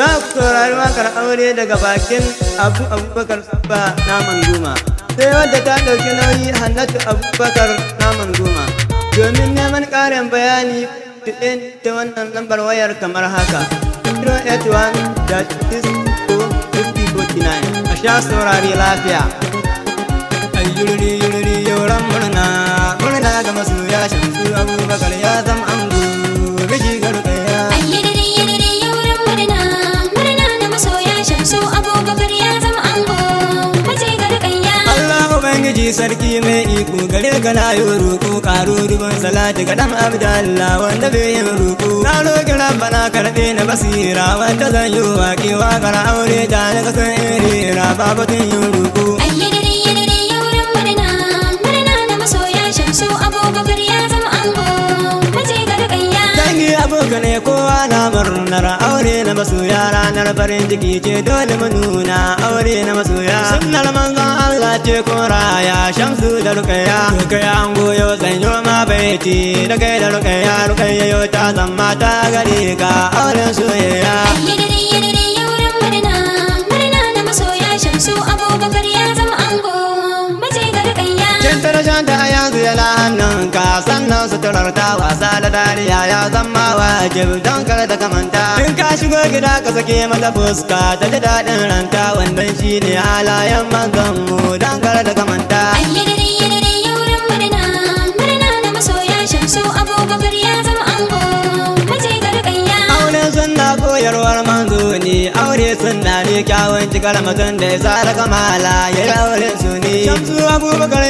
za ku saurari wakar aure daga bakin abu abubakar sabba naman goma sai wadda ta ɗauki nauyi hannatu abubakar naman goma domin neman ƙarin bayani tuɗin ta wannan lambar wayar kamar haka 081-5249 a sha saurari lafiya a yuriri yuriri yauran murna murna ga yashin su abubakar ya zama an ubangiji sarki mai iko gare ka na yi roƙo ƙaro ruban salati ga ɗan abdallah wanda bai yin roƙo na roƙi rabbana karɓe na basira wanda zan yi waƙewa kara aure ta na kasan irira babatun yin ka ne kowa na murnar aure na masoya ranar farin ciki ce dole mu nuna aure na masoya sunnar manzo Allah ce raya shamsu da rukaya rukaya an goyo zanyo ma baiti da kai da rukaya rukaya yo ta zama ta gare ka shamsu soyayya Abubakar ya zama ango karshen ta yanzu yana hannun ka sannan suturar ta wasa da dariya ya zama wajib don kar ta kamanta in ka shigo gida ka sake mata fuska ta ji daɗin ranta wannan shine halayen manzon mu don kar ta kamanta koyarwar manzo ne aure sunna ne kyawun cikar mutum da ya sa da kamala ya aure su ne shamsu abubakar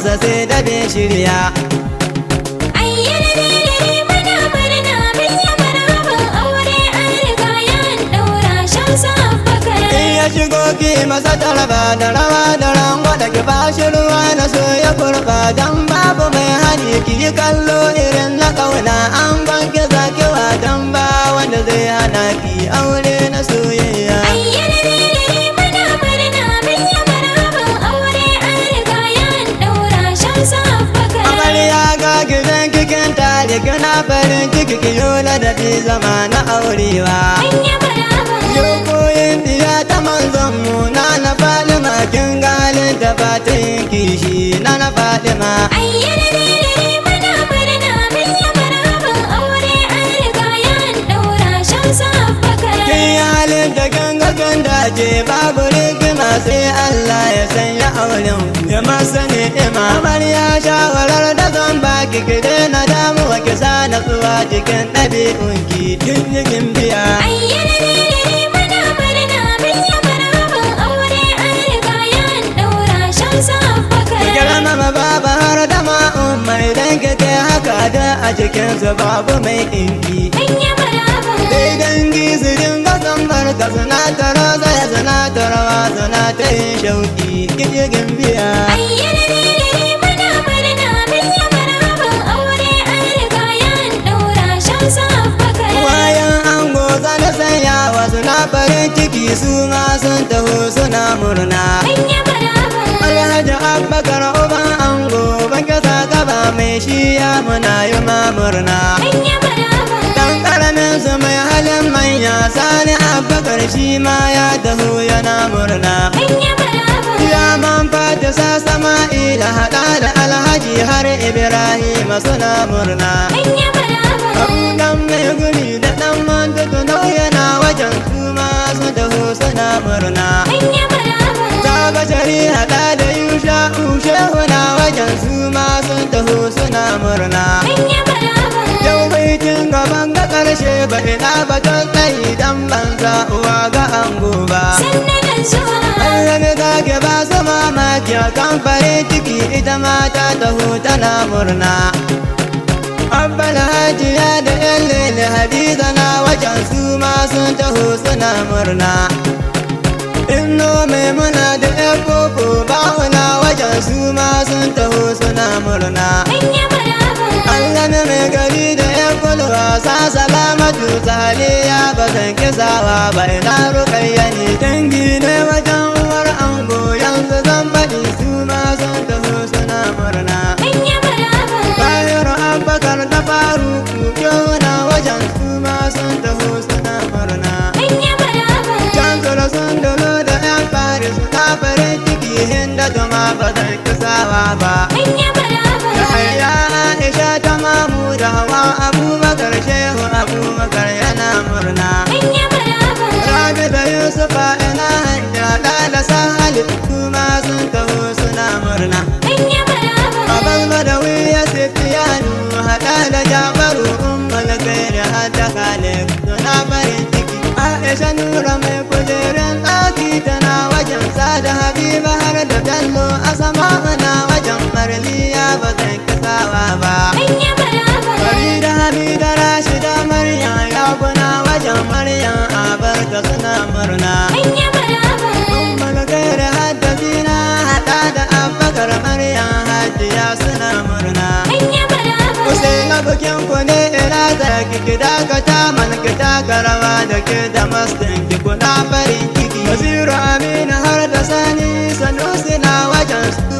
kansa sai da bai shirya ya shigo ki masa talaba da rawa da rango da ki bashi ruwa na so ya kurfa don babu mai hani ki yi kallo irin na kauna an banki zakewa dan ba wanda zai hana ki aure na soyayya farin ciki ki yola da bi zama na aurewa yau koyin diya ta manzon mu na na fadima kin galin da ba ta yin kishi na na auren ya masa ni'ima amarya shawarar da zan baki ki daina damuwa ki sa natsuwa cikin ɗabi'unki kin yi gimbiya ayyana ne mana yi marabin aure an riga har da ma'un haka da a cikinsu babu mai inki. an yi marabin dai dangi su dinga zamba matan shauki kije gambiya ayyar aure an riga ango zana sanya wasu na ciki su ma sun taho suna murna yi alhaji abubakar uban ango ban kasa gaba mai shi ya muna yi ma murna yi gidansu mai halin manya sani abakar shi ma ya dahu yana murna ya man fata sa ila haɗa da alhaji har ibrahim suna murna ɗan mai guri da ɗan mantutu yana wajen kuma su dahu suna murna ta bashari haɗa da yusha ushe wajen su ma sun taho suna murna cikin gaban ga ƙarshe ba ina batun tsayi dan ban sa uwa ga an ba. Sannan zuwa. Sannan kake ba su mamaki a kan farin ciki ita mata ta na murna. Abbala hajiya da ya lele hadiza na wajen su ma sun taho suna murna. Inno mai muna da ƴan koko ba wajen su ma sun taho suna murna. Malami mai gari da ya kulu wasa salamatu taliya ba zan kisawa ba ina rukayya ne dangi ne wajen uwar ango yanzu zan baɗi su ma sun taho suna murna. Bayan abakar da faru kuke kyona wajen su ma sun taho suna murna. Can tsoro sun dolo da yan fari suna farin ciki hinda zama ba zan kisawa ba. hawa abubakar shehu abubakar yana murna rabi da yusufa ina da ɗala sahali kuma sun taho suna murna baban da ya sifiyanu haɗa da jabaru umar gaira ta kale barka suna murna Mulkai da haddabina haɗa da abbakar Maryam hajiya suna murna Kusai na bikin ku ne ina da kiki dakata man ki taka rawa da ke da mastin ki kuna farin ciki Waziru Aminu har da sani sanusi na wajen su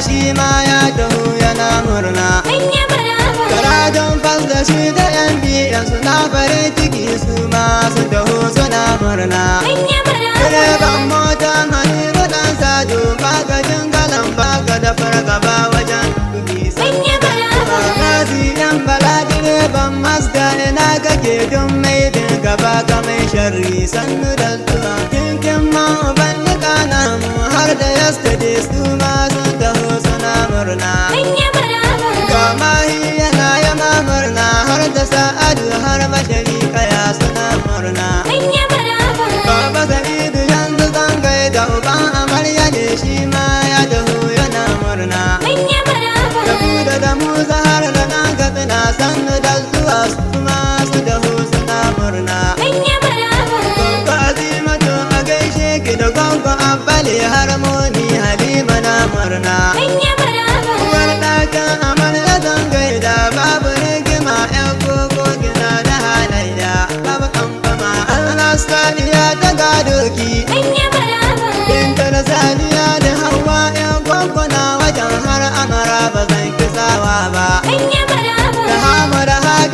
shi ma ya taho yana murna Karadon fas da shi da yan biyan suna farin ciki su ma su taho suna murna Direban mota maniru dan sajo magajin galan baka da fargaba wajen kuki Magazi yan bala direban mazda ina kake don mai gaba ka mai sharri sannu da zuwa Kinkin ma'uban duka namu har da yesterday su ma murna Kama hi yana yama murna Har da sa'adu har majali kaya suna Baba Kama sabidu yanzu zan gai da uba Amarya ne shi ma ya dahu yana murna Da ku da da mu zahar da na gabi na sannu da su ma su dahu suna murna Kwa a gaishe ki da gongo abali har muni halima na murna Kwa azima to a gaishe ki da gongo abali har halima na murna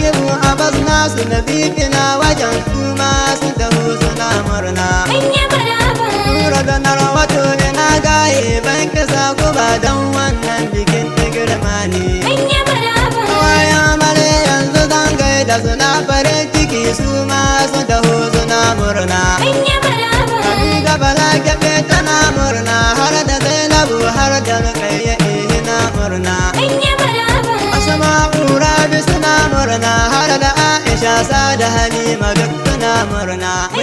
a abbas nasu na bibina wajen su masu dawo suna murna tura da narwato ne na gaye ban kasa ba don wannan bikin ta girma ne wayan mare yanzu zan gaida suna farin ciki su masu dawo suna murna Musa da Halima duk suna murna.